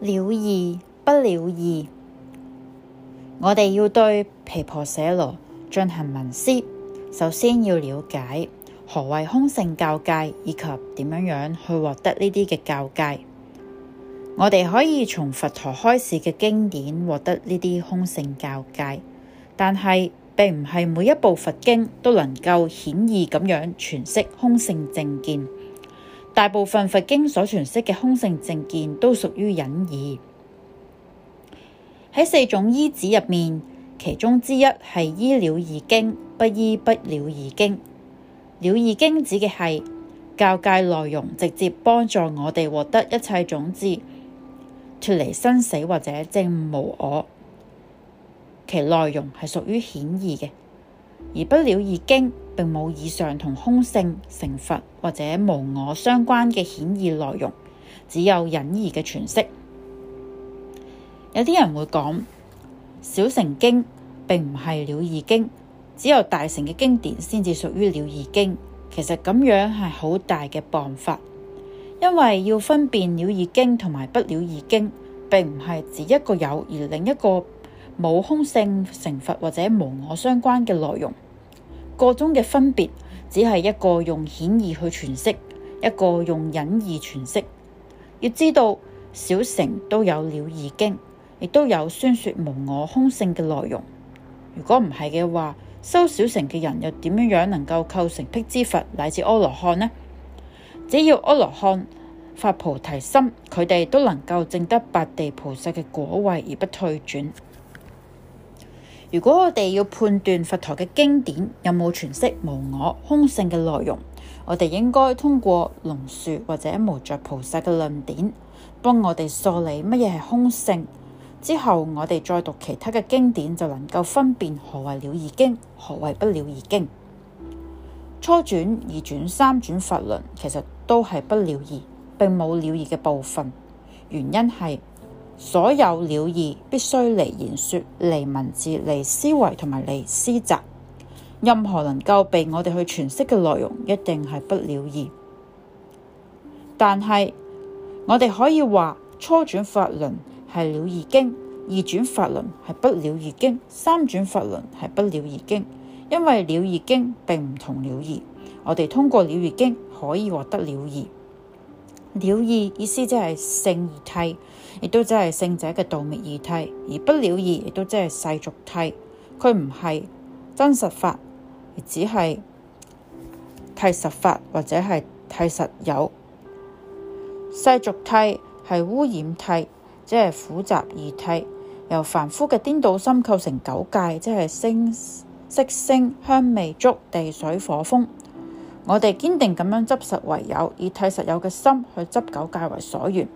了義不了義，我哋要對毗缽舍那進行聞思，首先要了解何謂空性教誡，以及點樣樣去獲得呢啲嘅教誡。我哋可以從佛陀開示嘅經典獲得呢啲空性教誡，但係並唔係每一部佛經都能夠顯義咁樣詮釋空性正見。大部分佛經所詮釋嘅空性正見都屬於隱義。喺四種依止入面，其中之一係依了義經，不依不了義經。了義經指嘅係教誡內容直接幫助我哋獲得一切種智，脫離生死或者證悟無我。其內容係屬於顯義嘅，而不了義經，並冇以上同空性、成佛或者無我相關嘅顯義內容，只有隱義嘅詮釋。有啲人會講小乘經並唔係了義經，只有大乘嘅經典先至屬於了義經。其實咁樣係好大嘅謗法，因為要分辨了義經同埋不了義經，並唔係指一個有而另一個冇空性、成佛或者無我相關嘅內容。個中嘅分別，只係一個用顯義去詮釋，一個用隱義詮釋。要知道小乘都有了義經，亦都有宣說無我空性嘅內容。如果唔係嘅話，修小乘嘅人又點樣樣能夠構成辟支佛乃至阿羅漢呢？只要阿羅漢發菩提心，佢哋都能夠證得八地菩薩嘅果位而不退轉。如果我哋要判斷佛陀嘅經典有冇詮釋無我空性嘅內容，我哋應該通過龍樹或者無著菩薩嘅論典，幫我哋梳理乜嘢係空性。之後我哋再讀其他嘅經典，就能夠分辨何為了義經，何為不了義經。初轉、二轉、三轉法輪其實都係不了義，並冇了義嘅部分。原因係，所有了義必須離言說、離文字、離思維同埋離思擇，任何能夠被我哋去詮釋嘅內容，一定係不了義。但係我哋可以話初轉法輪係了義經，二轉法輪係不了義經，三轉法輪係不了義經，因為了義經並唔同了義，我哋通過了義經可以獲得了義。了義意,意思即係勝義諦，亦都即係聖者嘅道滅二諦，而不了義亦都即係世俗諦，佢唔係真實法，而只係諦實法或者係諦實有。世俗諦係污染諦，即係苦集二諦，由凡夫嘅顛倒心構成九界，即係聲色聲香味觸地水火風。我哋堅定咁樣執實為有，以諦實有嘅心去執九界為所緣。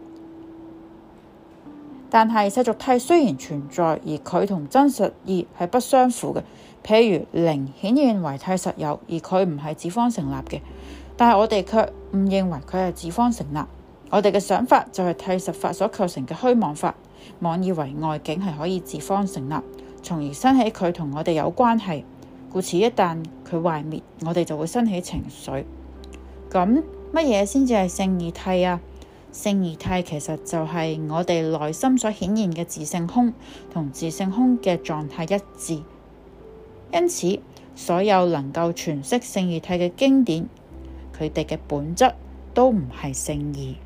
但係世俗諦雖然存在，而佢同真實義係不相符嘅。譬如鈴，顯現為諦實有，而佢唔係自方成立嘅。但係我哋卻誤認為佢係自方成立。我哋嘅想法就係諦實法所構成嘅虛妄法，妄以為外境係可以自方成立，從而生起佢同我哋有關係。故此，一旦佢壞滅，我哋就會生起情緒。咁乜嘢先至係勝義諦啊？勝義諦其實就係我哋內心所顯現嘅自性空，同自性空嘅狀態一致。因此，所有能夠詮釋勝義諦嘅經典，佢哋嘅本質都唔係勝義。